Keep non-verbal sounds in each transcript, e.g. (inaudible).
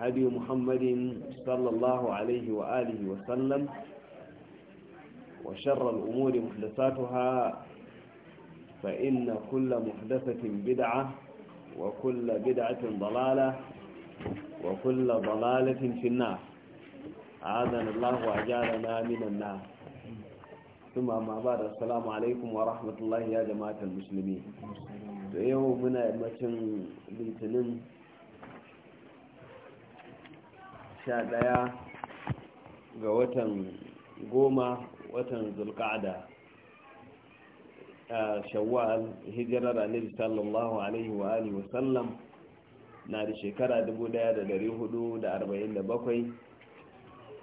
هدي محمد صلى الله عليه وآله وسلم وشر الأمور محدثاتها فإن كل محدثة بدعة وكل بدعة ضلالة وكل ضلالة في النار عاذنا الله وأجعلنا من النار ثم ما بعد السلام عليكم ورحمة الله يا جماعة المسلمين يومنا من المسلمين sha ɗaya ga watan goma watan zulƙa'ada a shawwal hijirar alaihi sallallahu alaihi wa alihi wasallam na da shekara 1447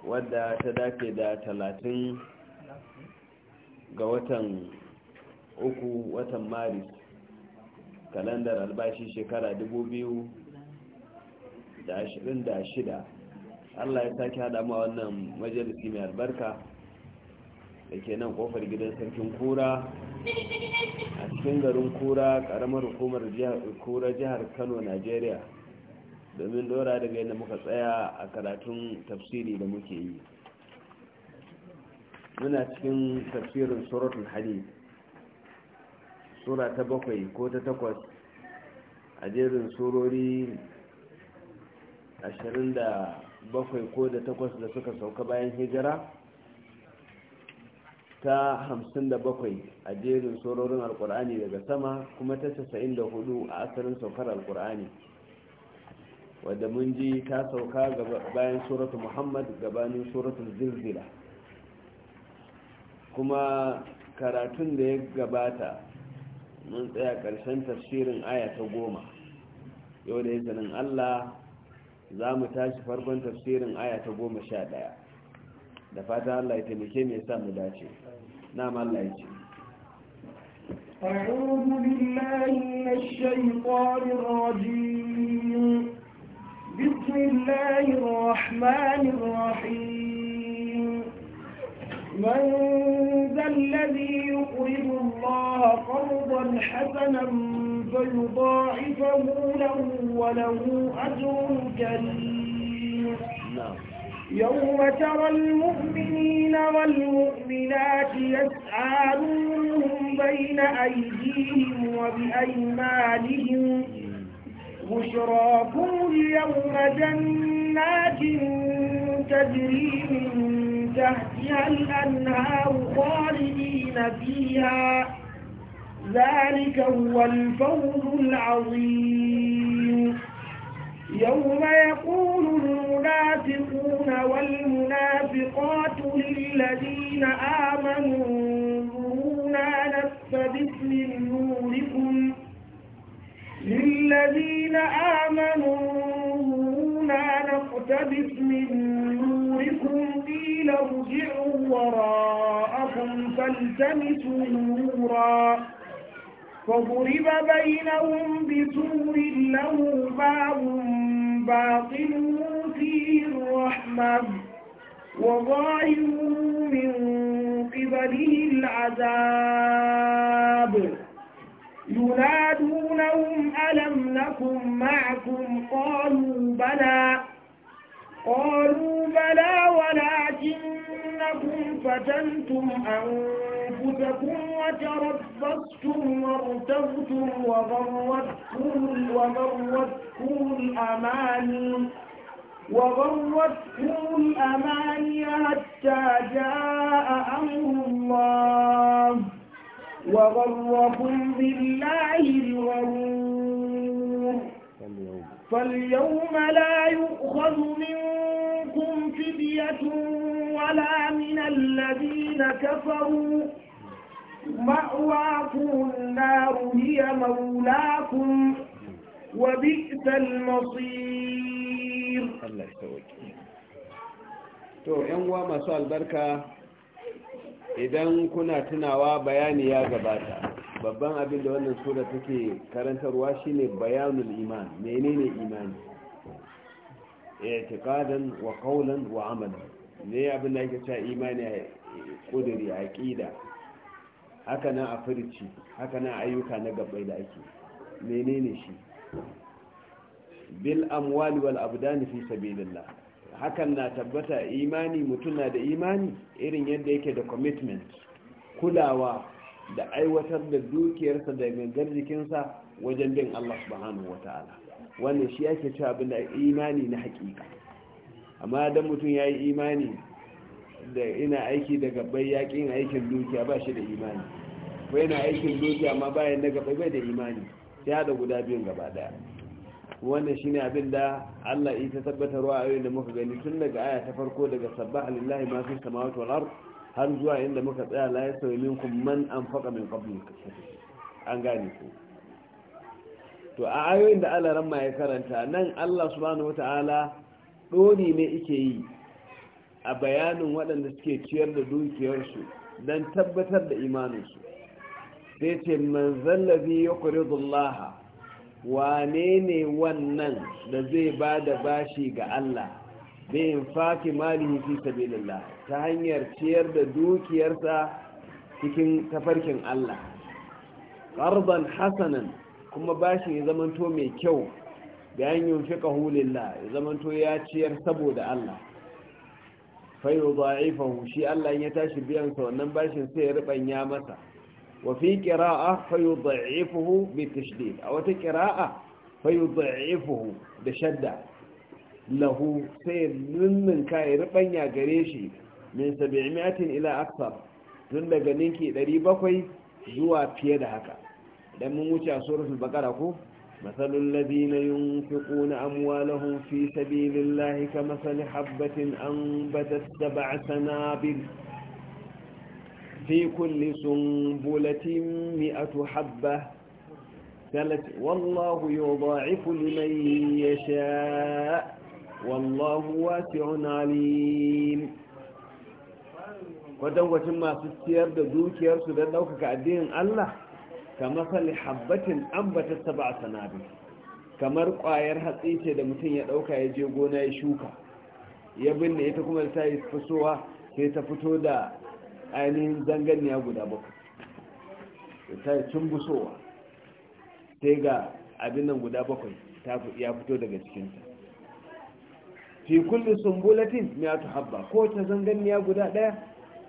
wadda ta dace da 30 ga watan uku watan maris kalandar albashi shekara 2026 allah ya sake haɗa ma wannan majalisi mai albarka da ke nan kofar gidan sarkin kura a cikin garin kura karamar hukumar kura jihar kano nigeria domin dora daga yadda muka tsaya a karatun tafsiri da muke yi muna cikin tafsirin suratul hadi sura ta bakwai ko ta takwas a jerin surori da. bakwai ko da takwas da suka sauka bayan hijira ta hamsin da bakwai a jerin sororin alkur'ani daga sama kuma ta casa'in da hudu a asalin saukar alkur'ani wadda mun ji ta sauka bayan suratu muhammad gabanin suratu zirzila kuma karatun da ya gabata mun tsaya karshen tafsirin aya ta goma yau da izinin allah za mu tashi farkon tafsirin aya ta goma sha ɗaya da fata Allah ya taimake mai sa mu dace na Allah ya ce أعوذ بالله من الشيطان الرجيم بسم الله الرحمن الرحيم من ذا الذي يقرض الله قرضا حسنا فيضاعفه له وله أجر كريم نعم. يوم ترى المؤمنين والمؤمنات يسعى نورهم بين أيديهم وبأيمانهم بشراكم اليوم جنات تجري من تحتها الأنهار خالدين فيها ذلك هو الفوز العظيم يوم يقول المنافقون والمنافقات للذين آمنوا انظرونا نستبق من نوركم الذين آمنوا لا نقتبس من نوركم قيل ارجعوا وراءكم فالتمسوا نورا فضرب بينهم بسور له باب باطل فيه الرحمة وظاهر من قبله العذاب ينادونهم ألم نكن معكم قالوا بلى قالوا بلى ولكنكم فتنتم أنفسكم وتربصتم وارتبتم وغرتكم وغرتكم الأماني وغرتكم الأماني حتى جاء أمر الله وغركم بالله الغرور فاليوم لا يؤخذ منكم فدية ولا من الذين كفروا مأواكم النار هي مولاكم وبئس المصير الله يسويك to 'yan ما masu albarka idan kuna tunawa bayani ya gabata babban abin da wannan sura take karantarwa shine bayanul iman menene imani i'tiqadan wa qawlan wa amalan ne abin da yake cewa imani a kudiri aqida haka nan a furci haka nan ayyuka na gabbai da ake menene shi bil amwali wal abdan fi sabilillah hakan na tabbata imani mutum na da imani irin yadda yake da commitment kulawa da aiwatar da dukiyarsa da gangar jikinsa wajen bin Allah subhanahu wata'ala wanda shi yake cewa abin da imani na hakika amma dan mutum yayi imani da ina aiki da gabbai yakin aikin dukiya ba shi da imani ko yana aikin dukiya amma bayan da gabbai bai da imani sai da guda biyun gaba daya wannan shine abin da Allah ya ta tabbatar wa ayoyin da muka gani tun daga aya ta farko daga sabbaha lillahi ma fi samawati wal ard har zuwa inda muka tsaya la yasawi minkum man anfaqa min qabli an gane ku to a ayoyin da Allah ramma ya karanta nan Allah subhanahu wataala dori ne yake yi a bayanin waɗanda suke ciyar da dukiyarsu don tabbatar da imaninsu sai ce man zallabi ya wane ne wannan da zai ba da bashi ga Allah bin faki malihi fi sabilillah ta hanyar ciyar da dukiyarsa cikin tafarkin Allah qardan hasanan kuma bashi ya zamanto mai kyau da an yunfiqahu ya zamanto ya ciyar saboda Allah fa yudha'ifahu shi Allah ya tashi biyan sa wannan bashin sai ya rubanya masa وفي قراءة فيضعفه بالتشديد أو تقراءة فيضعفه بشدة له سيد من كاي ربنيا قريشي من سبعمائة إلى أكثر tun daga ninki 700 zuwa fiye da haka dan mun wuce a suratul baqara ko masalul ladina yunfiquna amwalahum fi sabilillahi kamathali habatin anbatat في كل سنبلة مئة حبة ثلت والله يضاعف لمن يشاء والله واسع عليم kwatankwacin masu ciyar da dukiyarsu don ɗaukaka addinin Allah ka masali habbatin ambata saba a sanabi kamar kwayar hatsi ce da mutum ya ɗauka ya je gona ya shuka ya binne ita kuma ta yi fasowa sai ta fito da ainihin zanganiya guda bakwai ta cimbusowa sai ga abin nan guda bakwai ta ya fito daga cikinta fi kulli sumbulatin ya habba ko ta zanganiya guda daya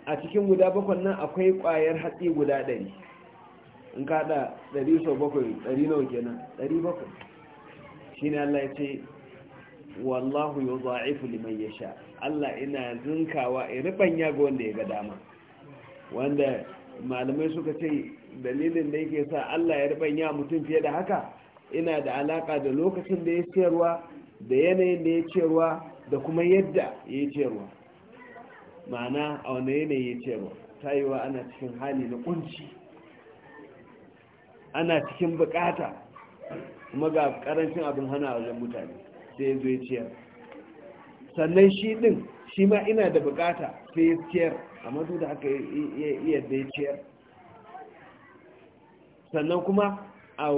a cikin guda bakwai nan akwai kwayar hatsi guda ɗari in kada ɗari sau bakwai ɗari nawa kenan ɗari bakwai shi ne allah ya ce wallahu yau za'ifu liman ya sha allah ina zinkawa in riɓanya ga wanda ya ga dama wanda malamai suka ce dalilin da yake sa Allah ya rubanya mutum fiye da haka ina da alaka da lokacin da ya ciyarwa da yanayin da ya ciyarwa da kuma yadda ya ciyarwa ma'ana a wani yanayi ya ciyarwa ta yi wa ana cikin hali na kunci ana cikin bukata kuma ga karancin abin hana wajen mutane sai ya ciyar sannan shi din shi ma ina da bukata sai ya ciyar amma duk da aka iya da ciyar sannan kuma a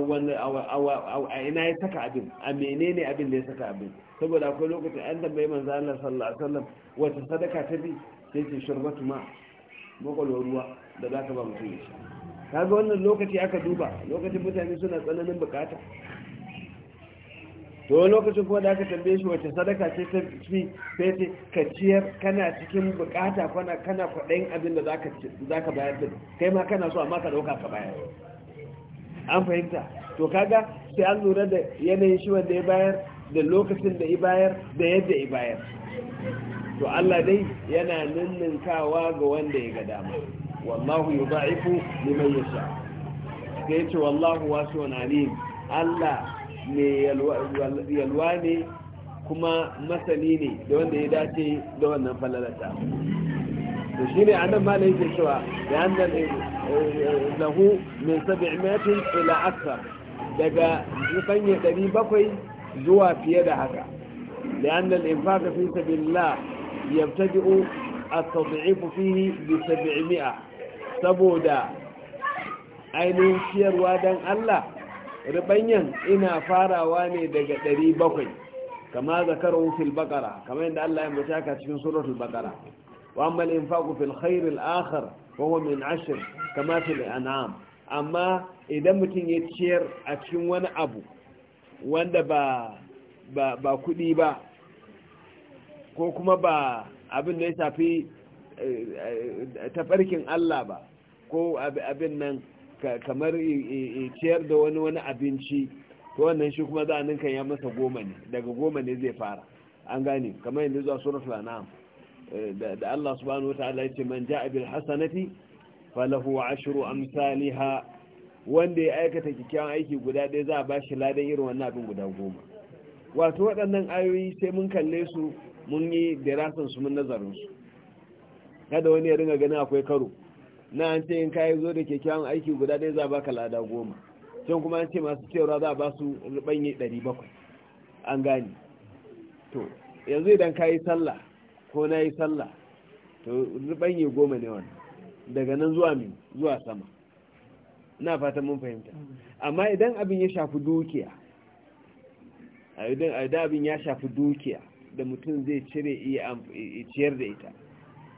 ina ya saka abin a menene abin da ya saka abin saboda akwai lokaci, an bai manzo Allah sallallahu alaihi wasallam wata sadaka ta bi sai ce shurbatu ma makwalo ruwa da za ka ba mutum ya sha kaga wannan lokaci aka duba lokacin mutane suna tsananin bukata to lokacin kuma da aka tambaye shi wace sadaka ce ta fi sai ka ciyar kana cikin bukata kana kana kwaɗayin abin da za ka bayar din kai ma kana so amma ka ɗauka ka bayar an fahimta to kaga sai an lura da yanayin shi wanda ya bayar da lokacin da ya bayar da yadda ya bayar to Allah dai yana kawa ga wanda ya ga dama wallahu yudha'ifu liman yasha sai ce wallahu wasi'un alim Allah ne yalwa ne kuma masani ne da wanda ya dace da wannan falalata to shi ne annan ma yake cewa da annan eh, lahu min sabi'matin ila akthar daga zufanye 700 zuwa fiye da haka da annan infaka fi ya yabtadi'u at-tad'ifu fihi bi 700 saboda ainihin ciyarwa dan Allah ribanyan ina farawa ne daga 700 kama zakarun fil baqara kama yadda Allah ya ambata ka cikin suratul baqara wa amma al-infaqu fil khair al-akhir min 10 kama fil amma idan mutum ya ciyar a cikin wani abu wanda ba ba ba kudi ba ko kuma ba abin da ya shafi eh, eh, tafarkin Allah ba ko abin nan kamar ciyar da wani wani abinci to wannan shi kuma za a ninka ya masa goma ne daga goma ne zai fara an gane kamar yadda zuwa suratul an'am eh, da Allah subhanahu ta'ala yace man ja'a bil hasanati falahu ashru amsalha wanda ya aikata kikkiawan aiki guda ɗaya za a ba shi ladan irin wannan abin guda goma wato waɗannan ayoyi sai mun kalle su mun yi dirasan su mun nazarin su kada wani ya ringa ganin akwai karo na an ce in ka zo da kyakkyawan aiki guda ɗaya za a baka lada goma can kuma an ce masu cewa za a ba su rubanye ɗari bakwai an gane to yanzu idan ka yi sallah ko na yi sallah to rubanye goma ne wani daga nan zuwa min zuwa sama na fatan mun fahimta amma idan abin ya shafi dukiya idan abin ya shafi dukiya da mutum zai cire iya ciyar da ita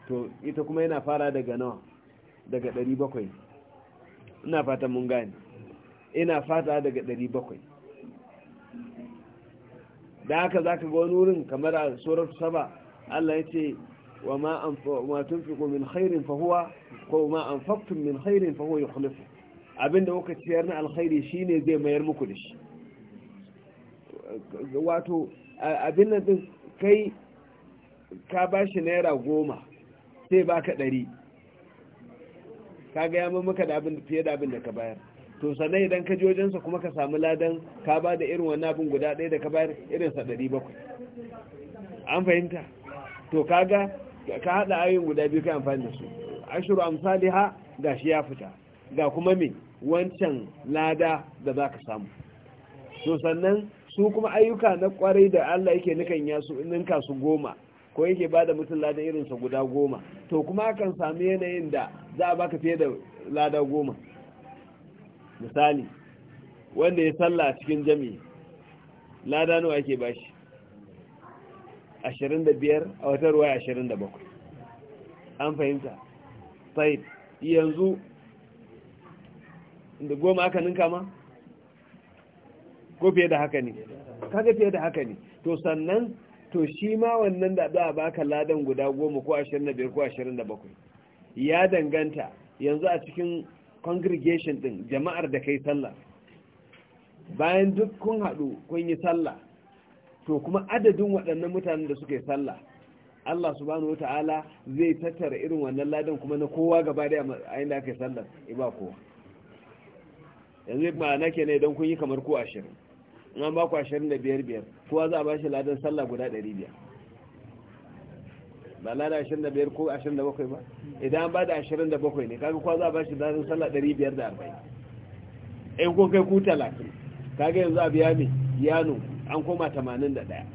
to ita kuma yana fara daga nawa daga 700 ina fata mun gane ina fata daga 700 da haka za ka ga wani wurin kamar a tsoron saba Allah ya ce wa ma tunfiqu min khairin fa huwa ko ma anfaqtum min khairin fa huwa yukhlifu abinda kuka ciyar na alkhairi shine zai mayar muku da shi wato abin din kai ka bashi naira goma sai baka ɗari kaga ya maka da abin fiye da abin da ka bayar to sannan idan ka ji wajensa kuma ka samu ladan ka ba da irin wani abin guda ɗaya da ka bayar irinsa ɗari bakwai an fahimta to kaga ka haɗa ayoyin guda biyu kai amfani da su ashiru amsaliha ga shi ya fita ga kuma me wancan lada da za ka samu to sannan su kuma ayyuka na kwarai da Allah yake nukan ya su ninka su goma ko yake ba da mutum lada irinsa guda goma to kuma kan sami yanayin da za a baka fiye da lada goma misali wanda ya salla cikin jami'i lada nawa ake bashi 25 a wata ruwa 27 an fahimta sai yanzu da goma aka ninka ma ko fiye da haka ne kaga fiye da haka ne to sannan to shi ma wannan da za a baka ladan guda goma ko ashirin da biyar ko ashirin da bakwai ya danganta yanzu a cikin congregation din jama'ar da kai sallah bayan duk kun haɗu kun yi sallah to kuma adadin waɗannan mutanen da suka yi sallah Allah subhanahu Ta'ala, zai tattara irin wannan ladan kuma na kowa gaba da a da aka yi sallah iba kowa yanzu ma'ana ke ne idan kun yi kamar ko ashirin in ba ku ashirin da biyar biyar kowa za a ba shi ladan sallah guda ɗari biyar ba lada ashirin da biyar ko ashirin da bakwai ba idan an ba da ashirin da bakwai ne kaga kowa za a ba shi ladan sallah ɗari biyar da arba'in in eh, kun kai ku talatin kaga yanzu a biya mai yano an koma tamanin da ɗaya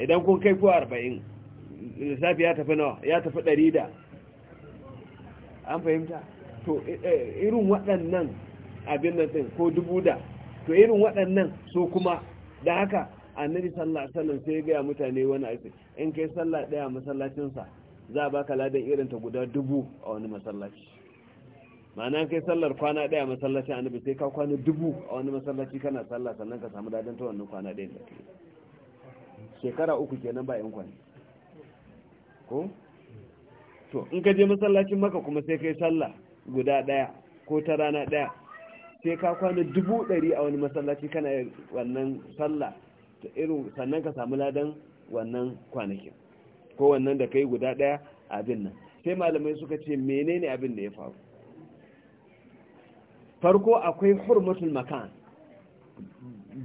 idan kun kai ku arba'in lissafi ya tafi nawa ya tafi ɗari da an fahimta to eh, eh, irin waɗannan abin nan ko dubu da to irin waɗannan so kuma da haka annabi sallallahu alaihi wasallam sai ya gaya mutane wani aiki in kai sallah ɗaya masallacin sa za a baka ladan irin ta guda dubu a wani masallaci ma'ana kai sallar kwana ɗaya masallacin annabi sai ka kwana dubu a wani masallaci kana sallah sannan ka samu ladan ta wannan kwana ɗaya da shekara uku kenan ba yan kwana ko to in ka je masallacin maka kuma sai kai sallah guda ɗaya ko ta rana ɗaya sai ka kwana dubu ɗari a wani masallaci kana wanan wannan sallah ta iru sannan ka samu ladan wannan kwanakin ko wannan da kai guda ɗaya abin nan sai malamai suka ce menene abin da ya faru farko akwai hurmatul makan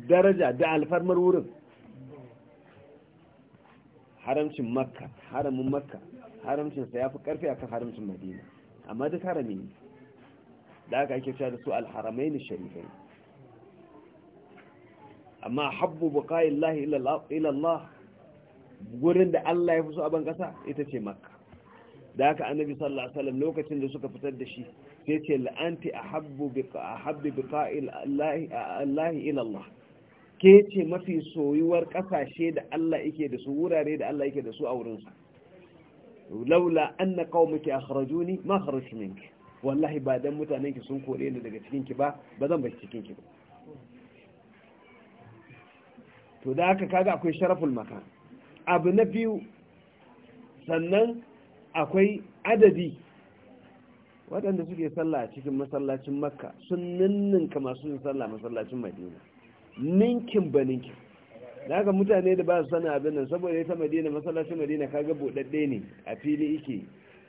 daraja da alfarmar wurin haramcin makka haramin makka haramcinsa ya fi a kan haramcin madina amma duk harami ne da aka ake cewa da su alharamaini sharifai amma habbu buqa'illahi ila Allah gurin da Allah ya fi so a ban ita ce makka da aka annabi sallallahu alaihi wasallam lokacin da suka fitar da shi sai ce la'anti ahabbu ahabbi biqa'il Allah ila Allah ke ce mafi soyuwar kasashe da Allah yake da su wurare da Allah yake da su a wurin su laula anna qaumaki akhrajuni ma kharajtu minki wallahi ba dan mutanen ki sun kore ni daga cikin ki ba ba zan baki cikin ki ba to da haka kaga akwai sharaful makan abu na biyu sannan akwai adadi waɗanda suke sallah a cikin masallacin makka sun ninninka masu yin sallah masallacin madina ninkin ba ninkin da haka mutane da ba su sana abin nan saboda ta madina masallacin madina kaga buɗaɗɗe ne a fili ike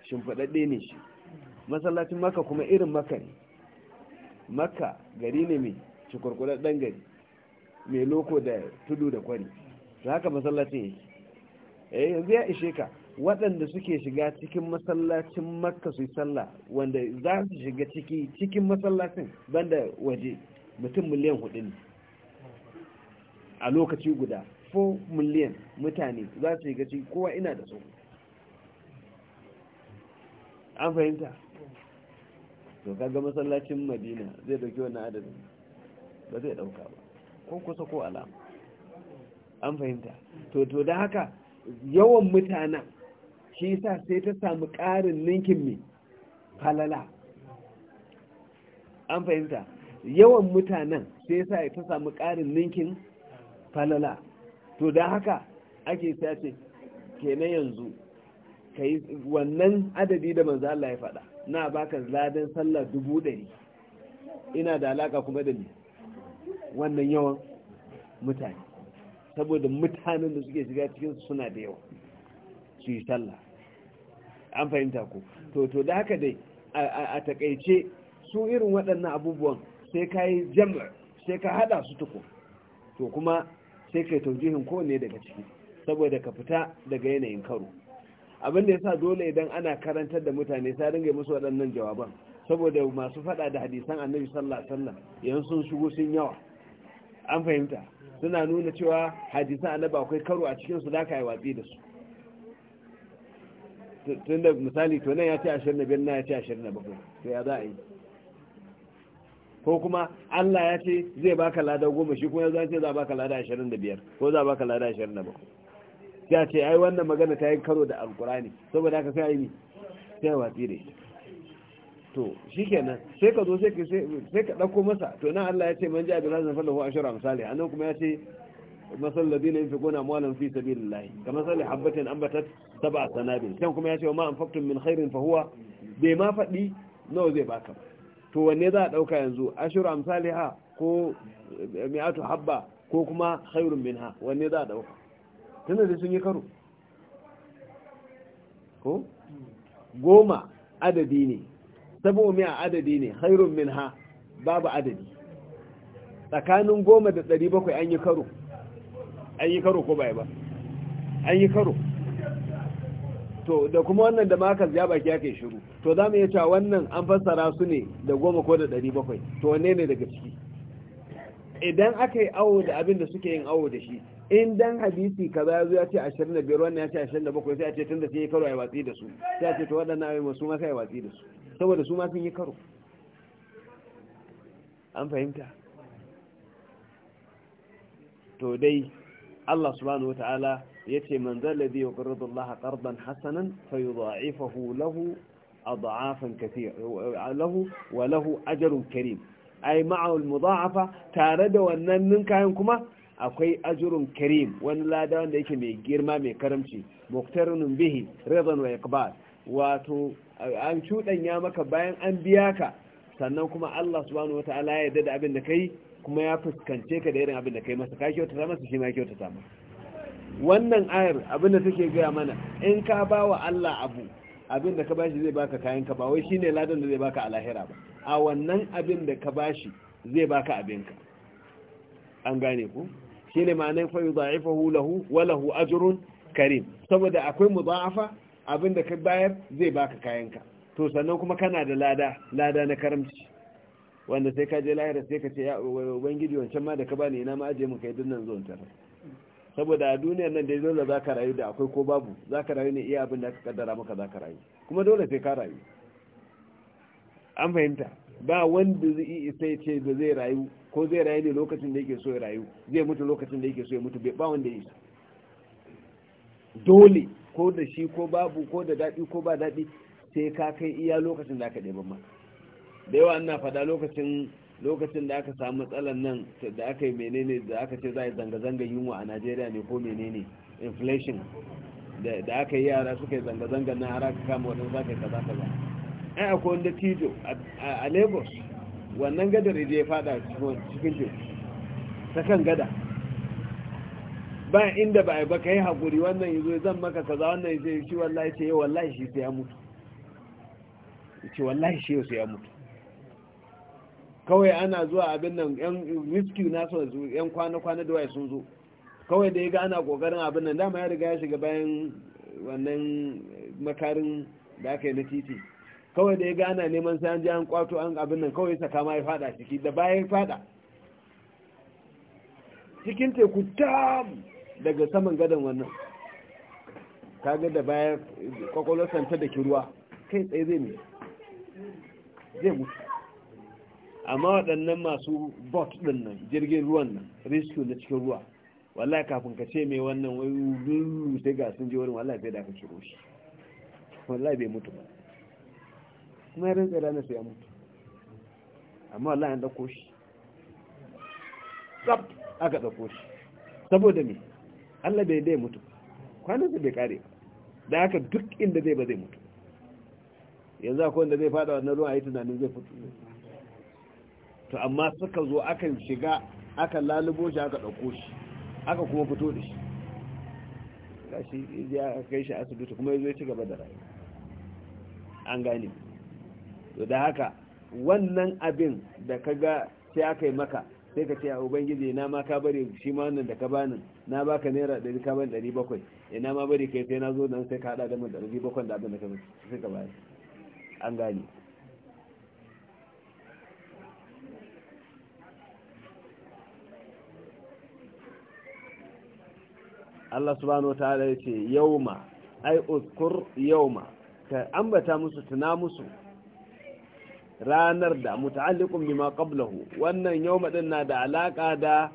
shimfiɗaɗɗe ne shi masallacin maka kuma irin maka ne maka gari ne mai cikurkurar ɗan gari mai loko da tudu da kwari su haka masallacin yake eh yanzu ya ishe ka waɗanda suke shiga cikin masallacin makka su yi sallah wanda za su shiga ciki cikin masallacin banda waje mutum miliyan hudu ne a lokaci guda 4 miliyan mutane za su shiga ciki kowa ina da su an fahimta to kaga masallacin madina zai dauki wannan adadin ba zai dauka ba ko kusa ko alama an fahimta to to da haka yawan mutanen shi yasa sai ta samu ƙarin ninkin mai halala an fahimta yawan mutanen sai yasa ta samu ƙarin ninkin falala to da haka ake sace kenan yanzu kai wannan adadi da manzo Allah ya faɗa na baka ladan sallah dubu ɗari ina da alaka kuma da ni wannan yawan mutane saboda mutanen da suke shiga cikin suna da yawa su yi sallah an fahimta ko to to da haka dai a takaice su irin waɗannan abubuwan sai ka yi jam'ar sai ka hada su tuku to kuma sai ka yi ko ne daga ciki saboda ka fita daga yanayin karo abin da yasa dole idan ana karantar da mutane sai dinga musu waɗannan jawaban saboda masu faɗa da hadisan annabi sallallahu alaihi wasallam yan sun shigo sun yawa an fahimta suna nuna cewa hadisan annabi akwai karo a cikin su zaka yi watsi da su tunda misali to nan ya ce 25 na ya ce 27 to ya za a yi ko kuma Allah ya ce zai baka lada goma shi kuma ya zai ce za baka lada 25 ko za baka lada 27 ya ce ai wannan magana ta yi karo da alkurani saboda haka sai ne yi sai a watsi da ita to shikenan sai ka zo sai ka ɗauko masa to nan Allah ya ce man ja'a razan razan falahu ashara misali Nan kuma ya ce masal ladina yunfiquna amwalan fi sabilillahi kama sali habatin ambatat sab'a sanabil sai kuma ya ce ma anfaqtum min khairin fahuwa. huwa bai ma faɗi nawa zai baka to wanne za a ɗauka yanzu ashura amsaliha ko mi'atu habba ko kuma khairun minha wanne za a ɗauka tana da sun yi karo ko goma adadi ne sabo a adadi ne hairun min ha babu adadi tsakanin goma da ɗari bakwai an yi karo an yi karo ko bai ba an yi karo to da kuma wannan da makas ya baki ya kai shiru to za mu iya cewa wannan an fassara su ne da goma ko da ɗari bakwai to wanne ne daga ciki idan aka yi awo da abin da suke yin awo da shi in dan hadisi kaza ya zo ya ce 25 wannan ya ce 27 sai a ce tun da sun yi karo a yi watsi da su sai a ce to waɗannan ayoyi su ma sai ya watsi da su saboda su ma sun yi karo an fahimta to dai Allah subhanahu wataala ce man zalladhi yuqridu Allah qardan hasanan fayudha'ifahu lahu ad'afan kathira lahu wa lahu ajrun karim ay ma'a al-mudha'afa tare da wannan ninkayen kuma akwai ajurun karim wani lada wanda yake mai girma mai karamci muktarunun bihi riban wa iqbal wato an cuɗanya maka bayan an biya ka sannan kuma Allah subhanahu wataala ya yarda da abin da kai kuma ya fuskance ka da irin abin da kai masa ka kyautata masa shi ma ta masa wannan ayar abin da take gaya mana in ka ba wa Allah abu abin da ka bashi zai baka kayan ka ba wai shine ladan da zai baka a ba a wannan abin da ka bashi zai baka abinka an gane ku shine ma'anar fa yudha'ifahu lahu wa lahu ajrun karim saboda akwai mudha'afa abinda ka bayar zai baka kayanka to sannan kuma kana da lada lada na karamci wanda sai ka je lahira sai ka ce ya ubangiji wancan ma da ka bani ina ma aje mun kai dinnan zuwan tare saboda a duniyar nan dai dole za ka rayu da akwai ko babu za ka rayu ne iya abin da aka kaddara maka za ka rayu kuma dole sai ka rayu an fahimta ba wanda zai isa ce da zai rayu ko zai rayu ne lokacin da yake so ya rayu zai mutu lokacin da yake so ya mutu ba wanda ya isa dole ko da shi ko babu ko da daɗi ko ba daɗi sai ka kai iya lokacin da aka ɗeban ma da yawa ana faɗa lokacin lokacin da aka samu matsalan nan da aka yi menene da aka ce za a yi zanga-zanga yunwa a najeriya ne ko menene inflation da aka yi yara suka yi zanga-zanga na har aka kama za ka yi kaza kaza ai akwai wanda tijo a lagos wannan gadar ya fada cikin teku ta kan gada ba inda ba ba ka yi haƙuri wannan yi zan maka kaza wannan yi zai shi wallahi ce wallahi shi sai ya mutu ce wallahi shi sai ya mutu kawai ana zuwa abin nan yan riski na so yan kwana-kwana da waye sun zo kawai da ya ga ana kokarin abin nan dama ya riga ya shiga bayan wannan makarin da aka yi na titi kawai da ya gana neman sai an an kwato an abin nan kawai saka ma ya fada ciki da bayan fada cikin teku tam daga saman gadon wannan ga da bayan kwakwalwar santa da ruwa kai tsaye zai mai zai mutu amma waɗannan masu bot ɗin nan jirgin ruwan nan rescue na cikin ruwa wallahi kafin ka ce mai wannan wai sai ga sun je wurin wallahi bai da ka ciro shi wallahi bai mutu ba kuma ya rantsa ranar sai ya mutu amma Allah ya dauko shi tsab aka dauko shi saboda me Allah bai dai mutu kwanan sa bai kare da haka duk inda zai ba zai mutu yanzu akwai wanda zai fada wannan ruwa yi tunanin zai fito to amma suka zo akan shiga aka lalubo shi aka dauko shi aka kuma fito da shi gashi ya kai shi asibiti kuma yanzu ya ci gaba da rayuwa an gane to da haka wannan abin da ka ga sai aka yi maka sai ka ce a ubangiji na ma ka bari shi ma wannan da ka bani na baka naira ɗari ka bani ɗari bakwai ina ma bari kai sai na zo nan sai ka haɗa da mai ɗari bakwai da abin da ka sai ka bayar an gane Allah subhanahu ta'ala ya ce yauma ai uzkur yauma ka ambata musu tuna musu ranar da muta'alliqun bima qablahu wannan yawma din na da alaka da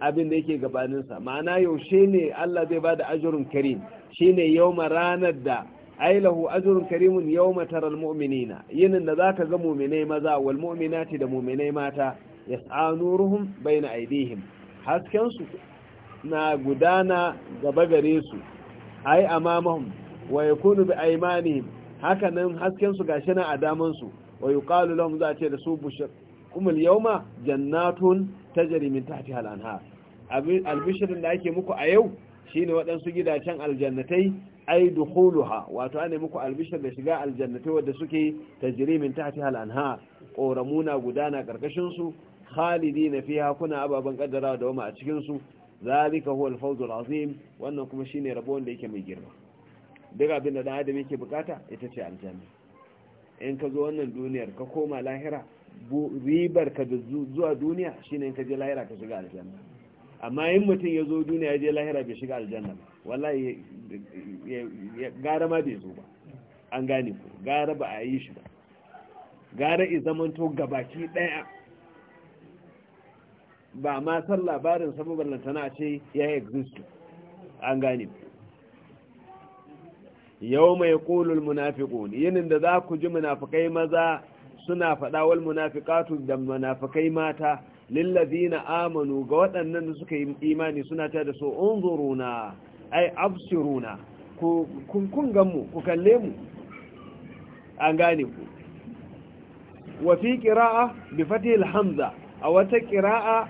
abin da yake gabanin sa ma'ana yaushe ne Allah zai bada ajrun karim shine yawma ranar da ailahu ajrun karimun yawma taral mu'minina yinin da zaka ga mu'minai maza wal mu'minati da mu'minai mata yas'a nuruhum bayna aydihim hasken su na gudana gaba gare su ai amamahum wa yakunu bi aymanihim haka nan hasken su gashi na a daman su wa yuqalu lahum za ce da su bushir kumul yawma jannatun tajri min tahtiha al-anhar albishirin da ake muku a yau shine waɗansu gidajen aljannatai ai dukhuluha wato ana muku albishir da shiga aljannatai wadda suke tajri min tahtiha al-anhar qoramuna gudana karkashin su na fiha kuna ababan kaddara da wama a cikin su zalika huwa al-fawz al-azim wannan kuma shine rabo wanda yake mai girma duk abin da dan adam yake bukata ita ce aljanna in ka zo wannan duniyar ka koma lahira ribar ka da zuwa duniya shine in ka je lahira ka shiga aljanna amma in mutum ya zo duniya ya je lahira bai shiga aljanna ba wallahi gara ma bai zo ba an gane ku gara ba a yi shi ba gara i zamanto gabaki daya ba ma san labarin sababar lantana ce ya exist an gane ku yau mai ƙulul munafiƙun yinin da za ku ji munafikai maza suna faɗa wal munafiƙatu da munafikai mata lillazina amanu ga waɗannan da suka yi imani suna ta da so unzuruna ai absiruna ku kun ku kalle mu an gane ku wa fi qira'a bi fathil hamza a wata qira'a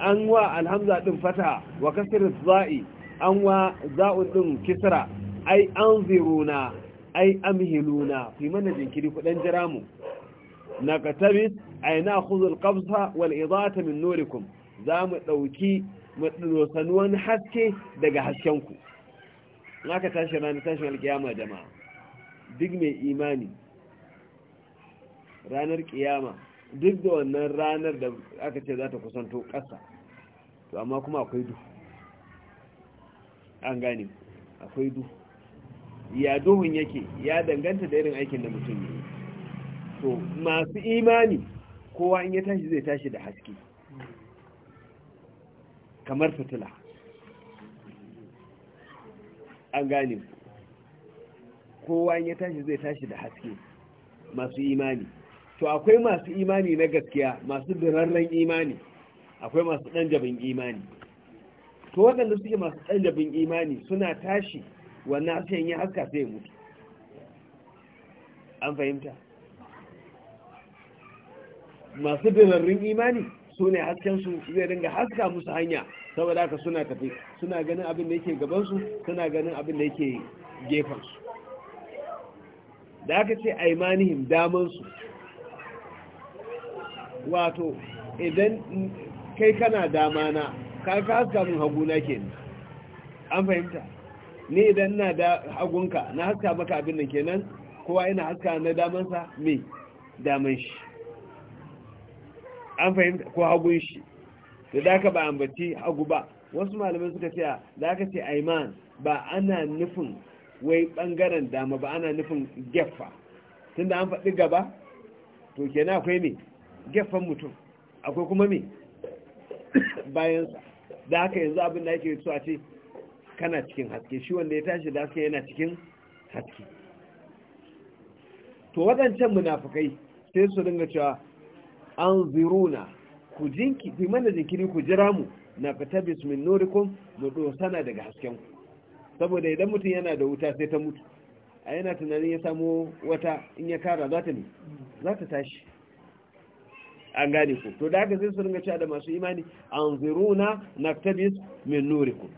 an wa alhamza din fata wa kasr za'i an wa za'u din kisra ai anziruna ai amhiluna fi mana jinkiri kudin jira mu na katabit ai na khuzul qabsa wal idata min nurikum za mu dauki mu wani haske daga hasken ku naka tashi rana tashin alkiyama jama'a duk mai imani ranar kiyama duk da wannan ranar da aka ce za ta kusanto ƙasa to amma kuma akwai duhu an gane akwai duhu ya duhun yake ya danganta da irin aikin da mutum ne to masu imani kowa in ya tashi zai tashi da haske kamar fitila an gane kowa in ya tashi zai tashi da haske masu imani to akwai masu imani na gaskiya masu durarren imani akwai masu ɗanjabin imani to waɗanda suke masu ɗanjabin imani suna tashi wannan hasken yin haska sai ya mutu an fahimta masu dalarin imani su ne haskensu zai dinga haska musu hanya saboda haka suna tafi suna ganin abin da yake gabansu suna ganin abin da yake gefansu da aka ce a aimanihim damansu wato idan kai kana damana ka haska mun haguna ke an fahimta Ni idan na da hagunka na haska maka abin nan kenan kowa yana haska na damansa mai daman shi an fahimta ko hagun shi da da ba ambaci hagu ba wasu malamai suka ce da aka ce aiman ba ana nufin wai bangaren dama ba ana nufin gefa tunda an faɗi gaba to kenan akwai me gefan mutum akwai kuma me (coughs) bayansa da haka yanzu abin da ake so a ce kana cikin haske shi wanda ya tashi da haske yana cikin haske to waɗancan munafukai sai su dinga cewa an ziruna ku jinki fi mana jinkiri ku jira mu na fita bismin norikon mu dosana daga hasken ku saboda idan mutum yana da wuta sai ta mutu a yana tunanin ya samu wata in ya kara za ta ne za ta tashi an gane ku to da haka sai su ringa cewa da masu imani an ziruna naftabis min norikon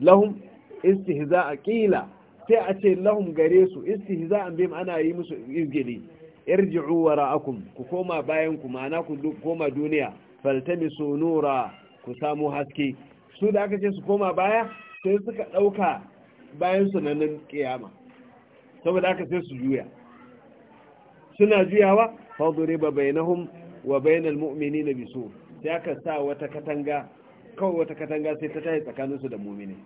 lahum istihza'a qila sai a ce lahum gare su istihza'an bim ana yi musu izgili irji'u wara'akum ku koma bayan ku ma'ana ku koma duniya faltamisu nura ku samu haske su da aka ce su koma baya sai suka dauka bayan su nan kiyama saboda aka sai su juya suna juyawa duriba bainahum wa bainal mu'minina bisu sai aka sa wata katanga kawai wata katanga sai ta tashi tsakaninsu da mummini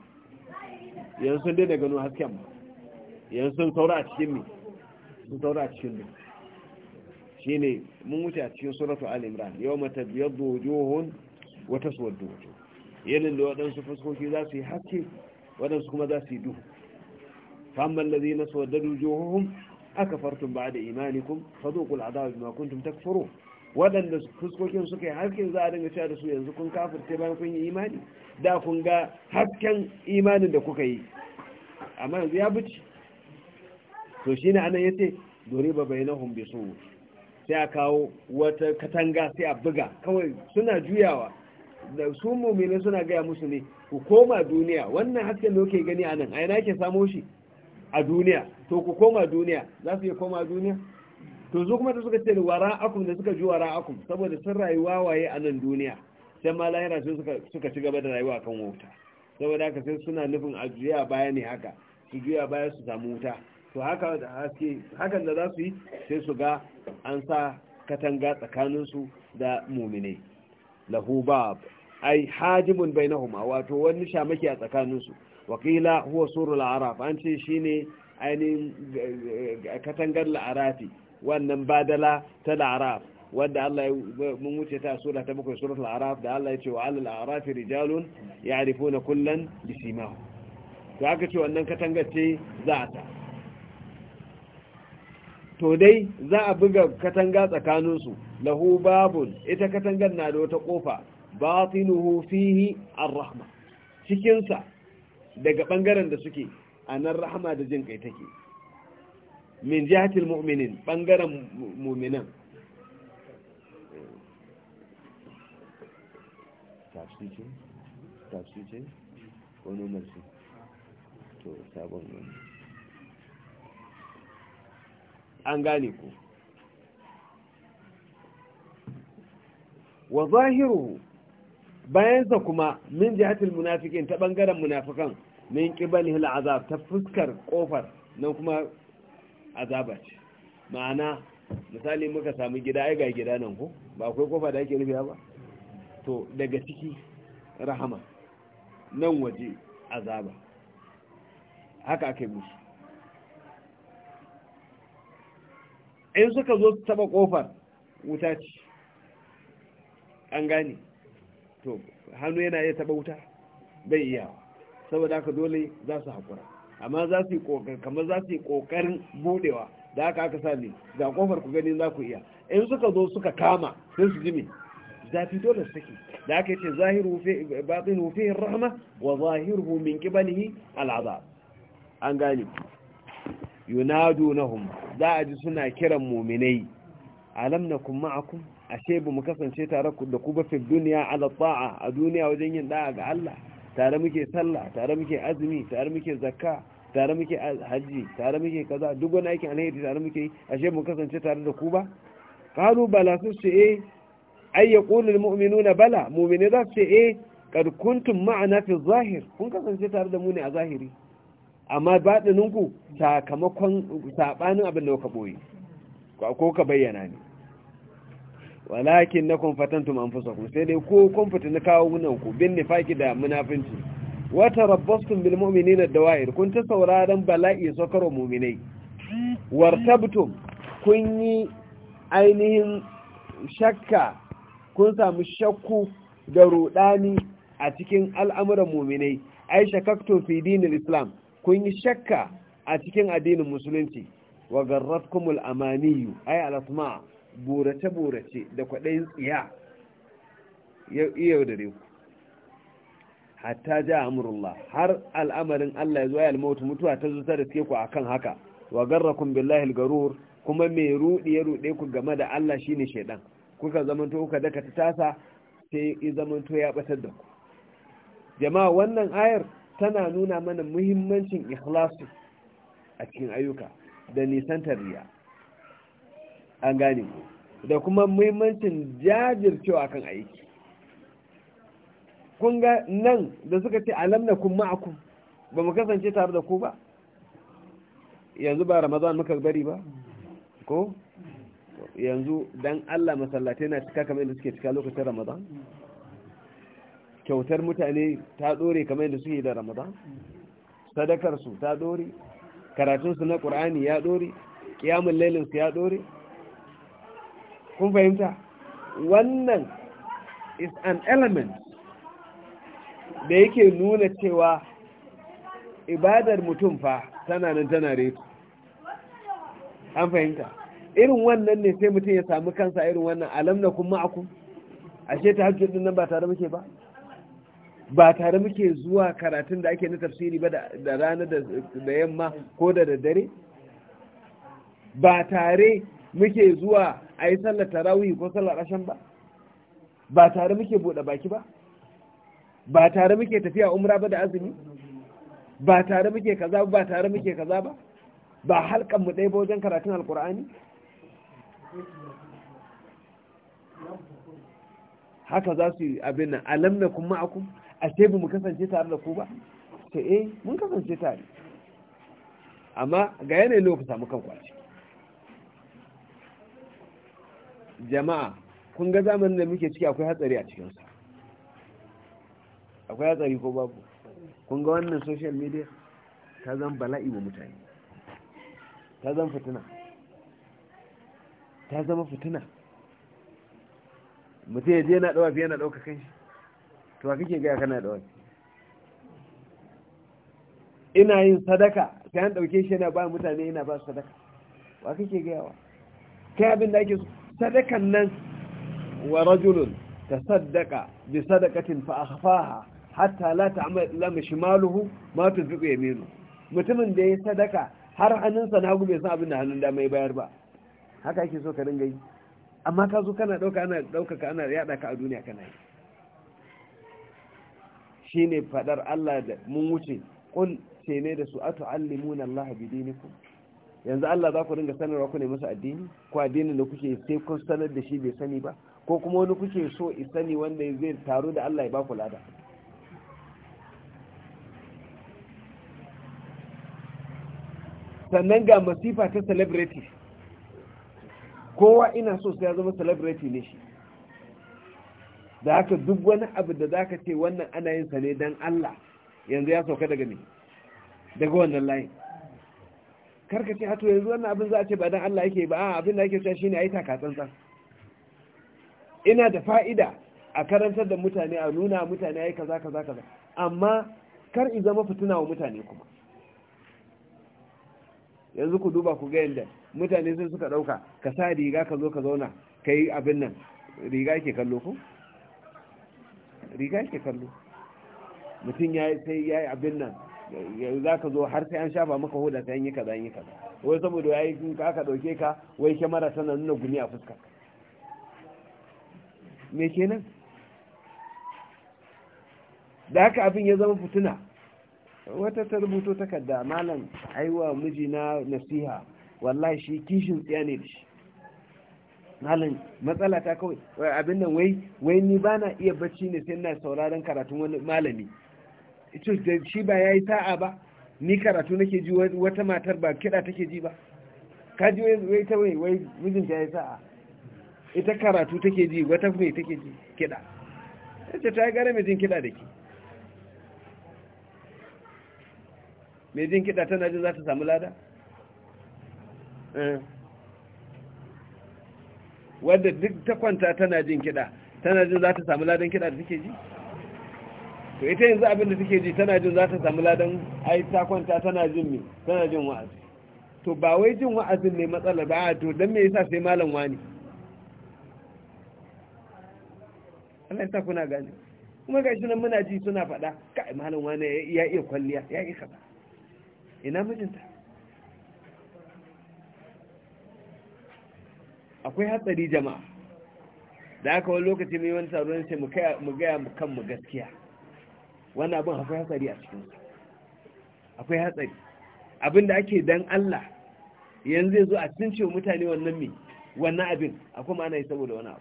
yanzu sun daina gano hasken ba yanzu sun saura a cikin mi sun saura a cikin mi shi ne mun wuce a cikin suratu al yau mata biyar dojohun wata suwar dojo yanin da waɗansu fuskoki za su yi haske waɗansu kuma za su yi duhu famman lazi na suwar da dojohun aka fartun ba da imanikun. fa zo kula da ma kuntum takfuro waɗanda fuskokin suka yi hasken za a dinga cewa da su yanzu kun kafirce bayan kun yi imani da kun ga hasken imanin da kuka yi amma yanzu ya buci to shi ne anan ya ce dore ba bai na humbe su sai a kawo wata katanga sai a buga kawai suna juyawa da su mummina suna gaya musu ne ku koma duniya wannan hasken da kuke gani anan a yana ke samo shi a duniya to ku koma duniya za su iya koma duniya to zo kuma da suka ce wara akum da suka ji wara akum saboda sun rayuwa waye a nan duniya sai ma lahira sai suka suka ci gaba da rayuwa kan wuta saboda haka sai suna nufin a juya baya ne haka su juya baya su samu wuta to haka da haske hakan da za su yi sai su ga an sa katanga tsakanin su da muminai lahu bab ai hajibun bainahuma wato wani shamaki a tsakanin su wakila huwa surul araf an ce shine ainihin eh, eh, katangar la'arafi wannan badala ta la'araf wanda Allah mun wuce ta sura ta bakwai suratul araf da Allah ya ce wa alal arafi rijalun ya'rifuna kullan simahu to aka ce wannan katangar ce za ta to dai za a buga katanga tsakanin su lahu babun ita katangar na da wata kofa batinuhu fihi ar-rahma cikinsa daga bangaren da suke anan rahama da jin kai take min jihatil mu'minin bangaren mu'minan tafsi ce tafsi ce wani to sabon wani an gane ku wa zahiru bayansa kuma min jihatul munafikin ta ɓangaren munafikan min qibalihi al'azab ta fuskar kofar nan kuma azaba ce ma'ana misali muka samu gida ai ga gida nan ko ba akwai kofa da ake rufiya ba to daga ciki rahama nan waje azaba haka aka yi musu in suka zo su taba kofar wuta ce an gane to hannu yana iya taba wuta bai iyawa saboda haka dole za su haƙura amma za su yi kokarin kamar za su yi kokarin budewa da aka aka sami ga kofar ku gani za ku iya in suka zo suka kama sai su jimi zafi dole suke da aka ce zahiru batin hufihin rahama wa zahiru min kibalihi al'aza an gane hum! za a ji suna kiran mu'minai alam kuma akun ashe bu mu kasance tare da ku ba fi duniya ala ta'a a duniya wajen yin da'a ga Allah tare muke sallah tare muke azumi tare muke zakka tare muke hajji tare muke kaza duk wani aikin alheri tare muke ashe mu kasance tare da ku ba qalu bala su ce eh ay yaqulu mu'minuna bala mu'mini za su ce eh kad kuntum ma'ana fi zahir kun kasance tare da mu ne a zahiri amma baɗinin ku sakamakon sabanin abin da kuka boye ko ka bayyana ne walakin na kumfatantum anfusakum sai dai ko kumfata na kawo munan ku bin nifaki da munafinci wata rabbastum bil mu'minina dawair kun ta sauraron bala'i sokaro mu'minai wartabtum kun yi ainihin shakka kun samu shakku da rudani a cikin al'amuran mu'minai ai shakaktum fi dinin islam kun yi shakka a cikin addinin musulunci wa garratkumul amaniyu ai al-asma' burace-burace da kwaɗayin tsiya ya yaudare ku hatta ja amurullah har al'amarin Allah ya zo ya almautu mutuwa ta zuta da ku akan haka wa garrakum billahi garur kuma mai rudi ya rude ku game da Allah shine shedan kuka zamanto kuka daka ta tasa sai ya zamanto ya batar da ku jama'a wannan ayar tana nuna mana muhimmancin ikhlasu a cikin ayyuka da nisan riya an gane da kuma muhimmancin jajircewa akan aiki kun ga nan da suka ce alam na kun ma'aku ba mu kasance tare da ku ba yanzu ba ramazan muka bari ba ko yanzu dan Allah masallatai na cika kamar yadda suke cika lokacin ramazan kyautar mutane ta dore kamar yadda suke da ramazan sadakarsu ta dore karatunsu na ƙur'ani ya dore ƙiyamun lailinsu ya dore kun fahimta wannan is an element da yake nuna cewa ibadar mutum fa tana nan tana reto an fahimta irin wannan ne sai mutum ya samu kansa irin wannan alam na kuma aku ashe ta din nan ba tare muke ba ba tare muke zuwa karatun da ake na tafsiri ba da rana da yamma ko da daddare ba tare muke zuwa a yi sallar tarawih ko sallar ashan ba ba tare muke buɗe baki ba ba tare muke tafiya umra ba da azumi ba tare muke kaza ba tare muke kaza ba ba halkan mu ɗaya ba wajen karatun alkur'ani haka za su yi abin nan alam na kuma aku a ce mu kasance tare da ku ba ta eh mun kasance tare amma ga yanayin lokuta samu kwace jama'a kun ga zamanin da muke ciki akwai hatsari a cikinsa akwai hatsari ko babu kun ga wannan social media ta zan bala'i wa mutane ta zan fitina ta zama fitina mutum ya je na ɗawa fiye na ɗauka kan shi to a kake gaya kana ɗawa ina yin sadaka sai an ɗauke shi yana ba mutane yana ba su sadaka wa kake gaya wa kai abin da ake so sadakan nan wa rajulun tasaddaqa bi sadaqatin fa akhfaha hatta la ta'mal lam shimaluhu ma tudfiqu yaminu mutumin da ya sadaka har hannunsa na hagu bai abin da hannun da mai bayar ba haka yake so ka dinga yi amma ka zo kana dauka ana dauka ka ana yada ka a duniya kana yi shine fadar Allah da mun wuce kun ce da su atu'allimuna Allah bidinikum yanzu Allah za ku ringa sanarwa ku ne masa addini ko addinin da kuke sai kun sanar da shi bai sani ba ko kuma wani kuke so isani wanda zai taru da Allah ya ba ku lada sannan ga masifa ta celebrity kowa ina so sai ya zama celebrity ne shi da haka duk wani abu da za ka ce wannan ana yin sa ne don Allah yanzu ya sauka daga ne daga wannan layin karkace hatu yanzu wannan abin za a ce ba dan Allah yake ba a abin da yake cewa shine ayi taka tsantsan ina da fa'ida a karantar da mutane a nuna mutane ayi kaza kaza kaza amma kar i zama fituna wa mutane kuma yanzu ku duba ku ga yanda mutane sun suka dauka ka sa riga ka zo ka zauna kai abin nan riga yake kallo ku riga yake kallo mutum ya sai ya yi abin nan za ka zo har sai an shafa maka hoda ta yi kaza yi kaza wai saboda ya yi ka aka ɗauke ka wai mara tana nuna guni a fuska me kenan da haka abin ya zama fituna wata ta rubuto takarda malam aiwa mijina nasiha wallahi shi kishin tsaya ne da shi malam matsala ta kawai abin nan wai wai ni bana iya bacci ne sai na sauraron karatun wani malami shi ba ya yi sa'a ba ni karatu nake ji wata matar ba kiɗa take ji ba ka ji wai ta wai wai mijin ya yi sa'a ita karatu take ji wata mai take ji kiɗa ta ce ta yi gara mijin kiɗa da ke mijin kiɗa tana ji za ta samu lada eh. wadda duk ta kwanta tana jin kiɗa tana jin za ta samu ladan kiɗa da take ji to ita yanzu abin da take ji tana jin za ta samu ladan ai ta kwanta tana jin me tana jin wa'azi to ba wai jin wa'azin ne matsala ba to dan me yasa sai malam wani Allah ta kuna gani kuma ga shi nan muna ji suna faɗa kai malam wani ya iya kwalliya ya iya kaza ina mijinta akwai hatsari jama'a da aka wani lokaci mai wani tsaron sai mu gaya mu kanmu gaskiya wannan abin akwai hatsari a cikin su akwai hatsari abin da ake dan Allah yanzu zo a cince mutane wannan me wannan abin akwai ma'ana yi saboda wani abu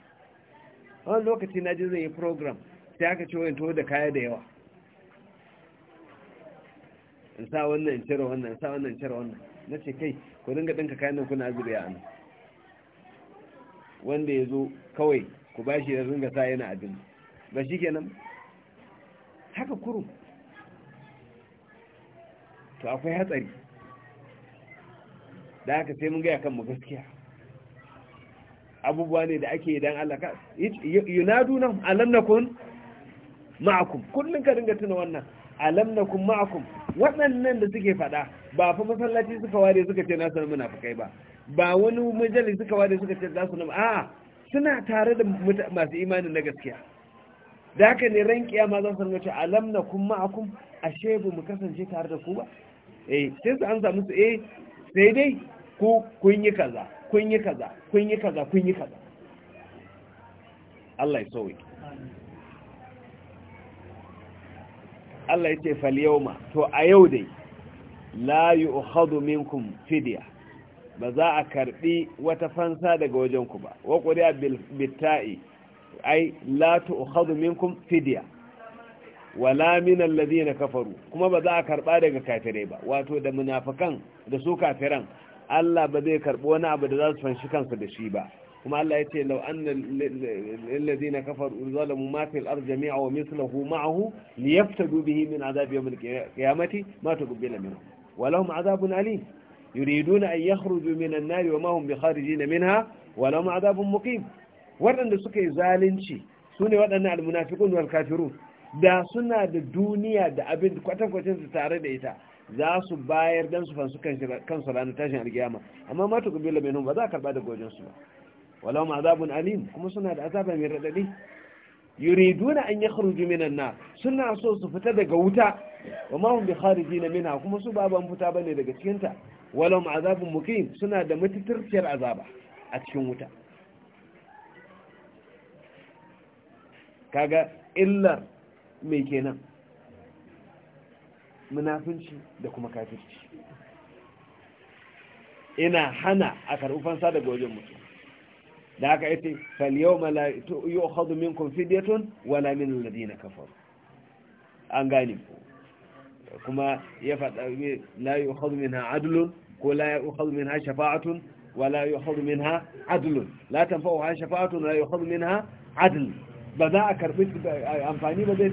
wani lokaci na ji zai yi program sai aka ce wani taho da kaya da yawa in sa wannan in cire wannan in sa wannan in cire wannan na ce kai ku dinga ɗinka kayan nan kuna azuriya a nan wanda ya zo kawai ku ba shi ya ringa sa yana abin ba shi kenan haka kurum to akwai hatsari da haka sai mun gaya kanmu gaskiya abubuwa ne da ake idan Allah ka yunadu nan alam nakun ma'akum kullun ka dinga tuna wannan alam nakun ma'akum waɗannan da suke faɗa ba fa masallaci suka ware suka ce nasu munafikai ba ba wani majalis suka ware suka ce nasu a suna tare da masu imanin na gaskiya da haka ne ran kiyama zan san wace alam na kun ma'akum ashe shebu mu kasance tare da ku ba eh sai su amsa musu eh sai dai ku kun yi kaza kun yi kaza kun yi kaza kun yi kaza Allah ya sauke Allah ya ce fal yawma to a yau dai la yu'khadhu minkum fidya ba za a karbi wata fansa daga wajenku ba wa ya bil bitai ai la tu'khadhu minkum fidya wala min alladhina kafaru kuma ba za a karba daga kafirai ba wato da munafikan da su kafiran Allah ba zai karbi wani abu da za su fanshi kansu da shi ba kuma Allah ya ce lau anna alladhina kafaru zalamu ma fil ard jami'a wa mithluhu ma'ahu liyaftadu bihi min adhab yawm al-qiyamati ma tuqbila minhu wa lahum adhabun alim yuriduna an yakhruju min an-nar wa ma hum bikharijin minha wa lahum adhabun muqim waɗanda suka yi zalunci su ne waɗannan almunafikun wal kafirun da suna da duniya da abin kwatankwacin su tare da ita za su bayar dan su fansu kansu ranar tashin alkiyama amma mata kubila mai nun ba za a karɓa da gojin su ba walau ma azabun alim kuma suna da azaba mai raɗaɗi yuriduna an yakhruju minan na suna so su fita daga wuta wa ma hum bi na minha kuma su ba ban fita bane daga cikinta. ta walau ma azabun suna da mutitirciyar azaba a cikin wuta kaga illar mai kenan munafinci da kuma kafirci ina hana a karɓufansa daga wajen mutum da aka yace fal yawma la yu'khadhu minkum fidyatun wala min alladhina kafaru an gani ku kuma ya fada la yu'khadhu minha adlun ko la yu'khadhu minha shafa'atun wala yu'khadhu minha adlun la tanfa'uha shafa'atun la yu'khadhu minha adlun ba za a karbi amfani ba zai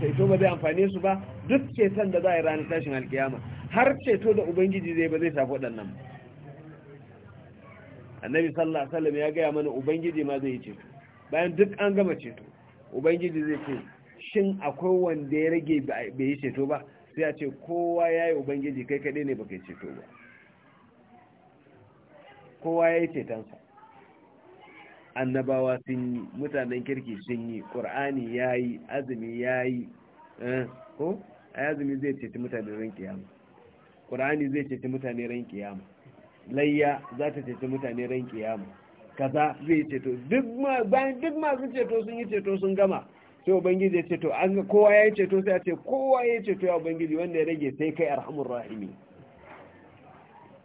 ceto ba zai amfane su ba duk ceton da za a yi ranar tashin alkiyama har ceto da ubangiji zai ba zai shafi waɗannan annabi sallallahu alaihi wasallam ya gaya mana ubangiji ma zai yi ceto bayan duk an gama ceto ubangiji zai ce shin akwai wanda ya rage bai yi ceto ba sai a ce kowa ya yi ubangiji kai kaɗai ne baka yi ceto ba kowa ya yi cetonsa annabawa sun yi mutanen kirki sun yi ƙur'ani ya yi azumi ya yi eh, ko azumi zai ceci mutane ran kiyama ƙur'ani zai ceci mutane ran kiyama layya za ta ceci mutane ran kiyama kaza zai ceto duk masu ceto sun yi ceto sun gama sai ubangiji ya ceto an kowa ya yi ceto sai a ce kowa ya ceto ya ubangiji wanda ya rage sai kai arhamur rahimi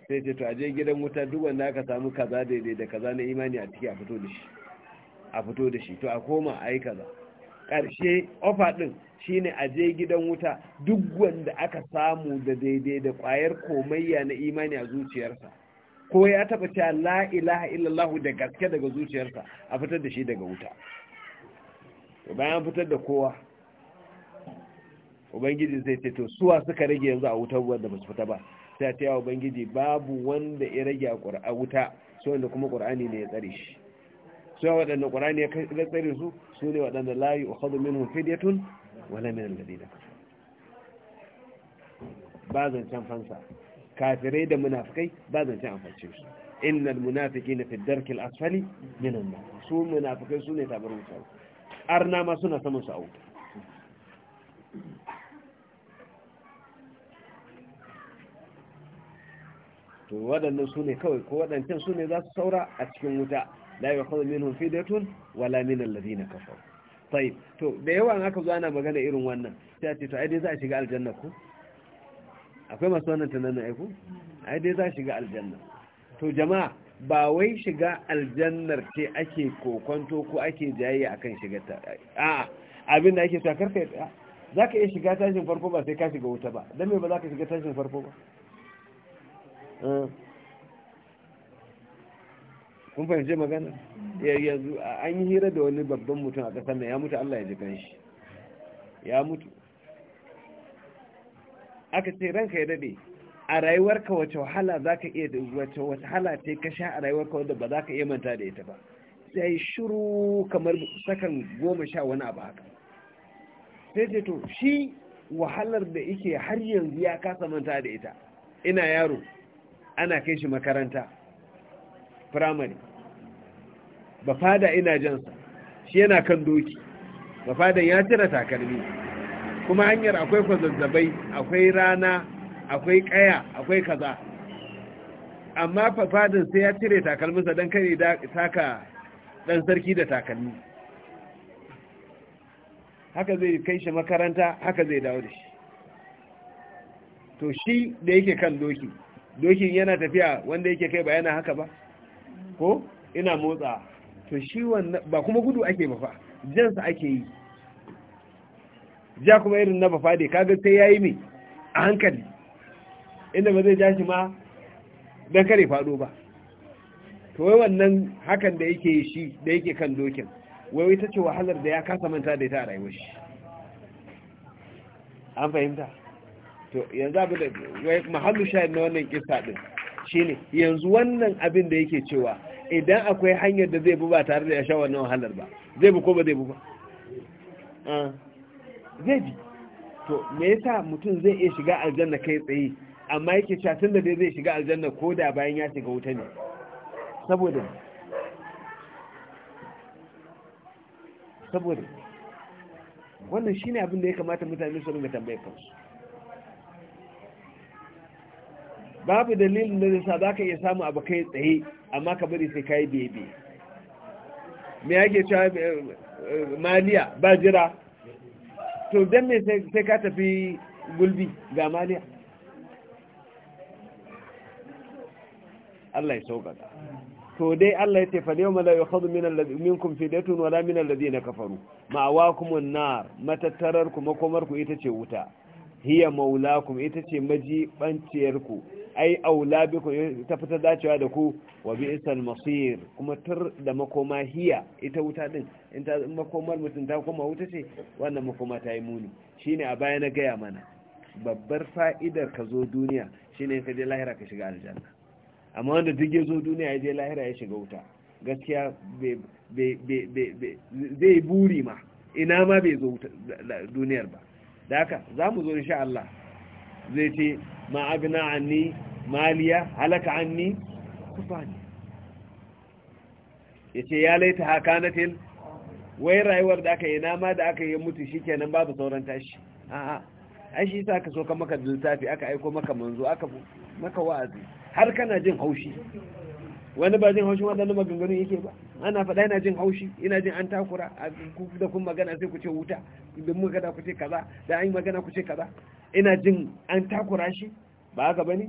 sai ce to aje gidan wuta duk wanda aka samu kaza daidai da kaza na imani a ciki a fito da shi a fito da shi to a koma a yi kaza ƙarshe ofa ɗin a aje gidan wuta duk wanda aka samu da daidai da ƙwayar komayya na imani a zuciyarsa ko ya taɓa cewa la ilaha illallahu da gaske daga zuciyarsa a fitar da shi daga wuta bayan fitar da kowa ubangiji zai ce to suwa suka rage yanzu a wutar wadda ba su fita ba sai ta yawa ubangiji babu wanda ya rage a wuta sai wanda kuma ƙur'ani ne ya tsare shi sai waɗanda ƙur'ani ya tsare su su ne waɗanda layi ukhadu minhum fidyatun wala min alladina ba zancen fansa kafirai da munafikai ba zancen amfance su innal munafiqina na darkil asfali minan nar su munafikai su ne tabar wuta arna ma suna saman su a wuta to waɗannan su ne kawai ko waɗancan su ne za su saura a cikin wuta la ya kawai minhum fidatun wala min alladhina kafaru tayyib to da yawa an aka zo ana magana irin wannan sai a ce to ai dai za a shiga aljanna ko akwai masu wannan tunanin ai ko ai dai za a shiga aljanna to jama'a ba wai shiga aljannar ce ake kokonto ko ake jayayya akan shiga ta a'a abin da ake sa karka za ka iya shiga tashin farko ba sai ka shiga wuta ba don me ba za ka shiga tashin farko ba Eh. kun fahimci magana yanzu an yi hira da wani babban mutum a kasar na ya mutu Allah ya ji shi. ya mutu aka ce ranka ya dade a rayuwarka wace wahala za ka iya wace wahala ce ka sha a rayuwarka wadda ba za ka iya manta da ita ba sai shiru kamar sakan goma sha wani abu haka sai ce to shi wahalar da yake har yanzu ya kasa manta da ita ina yaro ana kai shi makaranta firamare ba fada ina jansa shi yana kan doki ba fadan ya cire takalmi kuma hanyar akwai kwazazzabai akwai rana akwai kaya akwai kaza amma fadin sai ya cire takalminsa don kare saka dan sarki da takalmi haka zai kai shi makaranta haka zai dawo da shi to shi da yake kan doki dokin yana tafiya wanda yake kai ba yana haka ba ko ina motsa to shi wannan ba kuma gudu ake ba fa sa ake yi ja kuma irin na bafa dai kaga sai yayi me a hankali inda ba zai ja shi ma dan kare fado ba to wai wannan hakan da yake shi da yake kan dokin wai wai tace wahalar da ya kasa manta da ita a rayuwar shi an fahimta to yanzu abin da mahallu shahid na wannan kisa din shine yanzu wannan abin da yake cewa idan akwai hanyar da zai bi ba tare da ya sha wannan wahalar ba zai bi ko ba zai bi ba ah, zai bi to me yasa mutum zai iya shiga aljanna kai tsaye amma yake cewa tun da dai zai shiga aljanna ko da bayan ya shiga wuta ne saboda saboda wannan shine abin da ya kamata mutane su ringa tambayar kansu babu dalilin da nisa za ka iya samu abu kai tsaye amma ka bari sai kai bebe me yake cewa eh, eh, maliya ba jira to don me sai ka tafi gulbi ga maliya Allah ya sauƙaƙa to dai Allah ya fa yau mala yukhadhu min minkum fidatun wala min alladhina kafaru ma'awakum kuma nar matattarar kuma ku ita ce wuta hiya maulakum ita ce majibanciyarku ai aula bikum ta fita dacewa da ku wa bi'sal masir kuma tur da makoma hiya ita wuta din in ta makomar mutum ta koma wuta ce wannan makoma ta yi muni shine a baya na gaya mana babbar fa'idar ka zo duniya shine ka je lahira ka shiga aljanna amma wanda duk ya zo duniya ya je lahira ya shiga wuta gaskiya zai buri ma ina ma bai zo duniyar ba Daka za mu zo insha Allah zai ce ma abina anni maliya halaka anni kufani yace ya laita hakanatil wai rayuwar da aka yi nama da aka yi mutu shikenan babu sauran tashi a'a ai shi yasa ka so ka maka littafi aka aiko maka manzo aka maka wa'azi har kana jin haushi wani ba jin haushi wadannan maganganun yake ba ana faɗa yana jin haushi ina jin an takura a da kun magana sai ku ce wuta idan mun gada ku ce kaza da an yi magana ku ce kaza ina jin an takura shi ba haka bane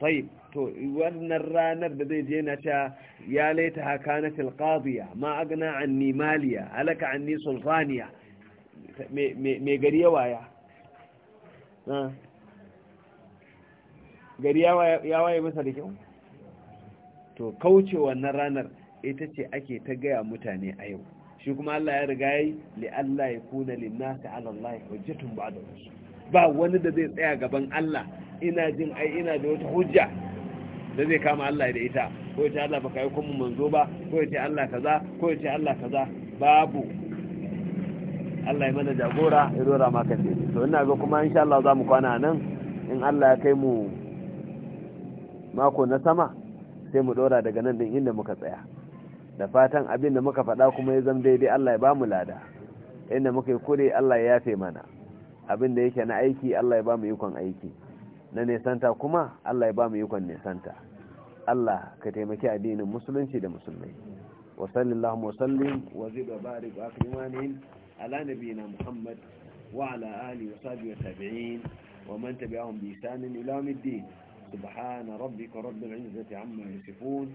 tayyib to wannan ranar da zai je na ta ya laita hakanat alqadiya ma agna anni maliya halaka ni sultaniya me gari ya waya gari ya waye masa da kyau to kauce wannan ranar ita ce ake ta gaya mutane a yau shi kuma Allah ya riga yi li Allah ya kuna linnasi ala Allah hujjatun ba'da rusul ba wani da zai tsaya gaban Allah ina jin ai ina da wata hujja da zai kama Allah da ita ko ya ce Allah baka yi kuma manzo ba ko ya ce Allah kaza ko ya ce Allah kaza babu Allah ya mana jagora ya rora maka ce to ina ga kuma insha Allah za mu kwana nan in Allah ya kai mu mako na sama sai mu dora daga nan din inda muka tsaya da fatan abin da muka faɗa kuma ya zama daidai Allah ya ba mu lada inda muka yi kure Allah ya yafe mana abin da yake na aiki Allah ya ba mu ikon aiki na nesanta kuma Allah ya ba mu ikon nesanta Allah ka taimaki addinin musulunci da musulmai wa sallallahu wa sallim wa zid wa barik wa akrimanin ala nabiyina muhammad wa ala alihi wa sahbihi wa tabi'in wa man tabi'ahum bi ihsan ila yawmiddin subhana rabbika rabbil izzati amma yasifun